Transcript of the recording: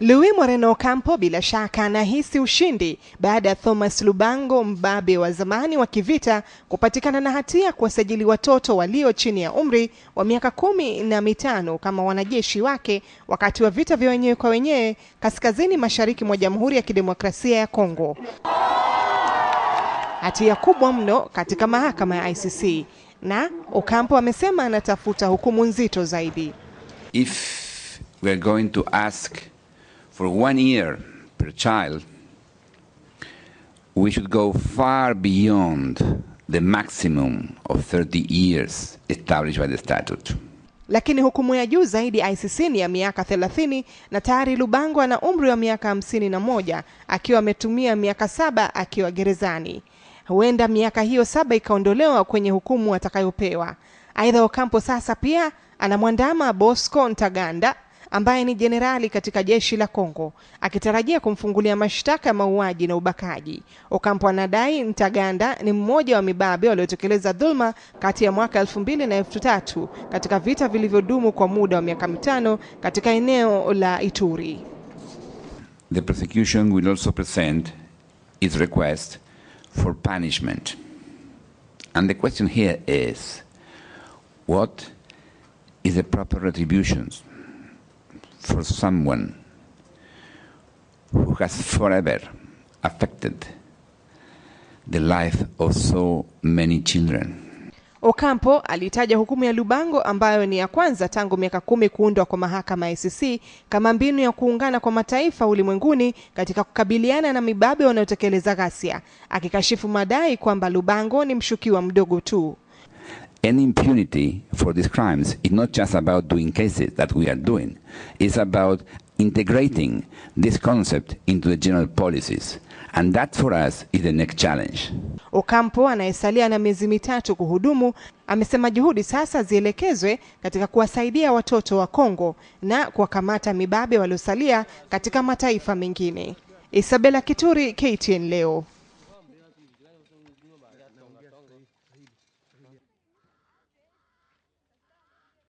Luis Moreno Ocampo bila shaka anahisi ushindi baada ya Thomas Lubango, mbabe wa zamani wa kivita, kupatikana na hatia kuwasajili watoto walio chini ya umri wa miaka kumi na mitano kama wanajeshi wake wakati wa vita vya wenyewe kwa wenyewe kaskazini mashariki mwa Jamhuri ya Kidemokrasia ya Kongo. Hatia kubwa mno katika mahakama ya ICC, na Ocampo amesema anatafuta hukumu nzito zaidi. If are going to ask for one year per child, we should go far beyond the maximum of 30 years established by the statute. Lakini hukumu ya juu zaidi ICC ni ya miaka 30 na tayari Lubango ana umri wa miaka hamsini na moja akiwa ametumia miaka saba akiwa gerezani. Huenda miaka hiyo saba ikaondolewa kwenye hukumu atakayopewa. Aidha, Ocampo sasa pia anamwandama Bosco Ntaganda ambaye ni jenerali katika jeshi la Kongo akitarajia kumfungulia mashtaka ya mauaji na ubakaji. Okampo anadai Ntaganda ni mmoja wa mibabe waliotekeleza dhulma kati ya mwaka elfu mbili na elfu tatu katika vita vilivyodumu kwa muda wa miaka mitano katika eneo la Ituri. The prosecution will also present its request for punishment. And the question here is what is the proper retributions for someone who has forever affected the life of so many children. Okampo alitaja hukumu ya Lubango ambayo ni ya kwanza tangu miaka kumi kuundwa kwa mahakama ya ICC kama mbinu ya kuungana kwa mataifa ulimwenguni katika kukabiliana na mibabe wanayotekeleza ghasia, akikashifu madai kwamba Lubango ni mshukiwa mdogo tu any impunity for these crimes is not just about doing cases that we are doing, it's about integrating this concept into the general policies. And that for us is the next challenge. Ocampo anayesalia na miezi mitatu kuhudumu amesema juhudi sasa zielekezwe katika kuwasaidia watoto wa Kongo na kuwakamata mibabe waliosalia katika mataifa mengine. Isabella Kituri, KTN leo.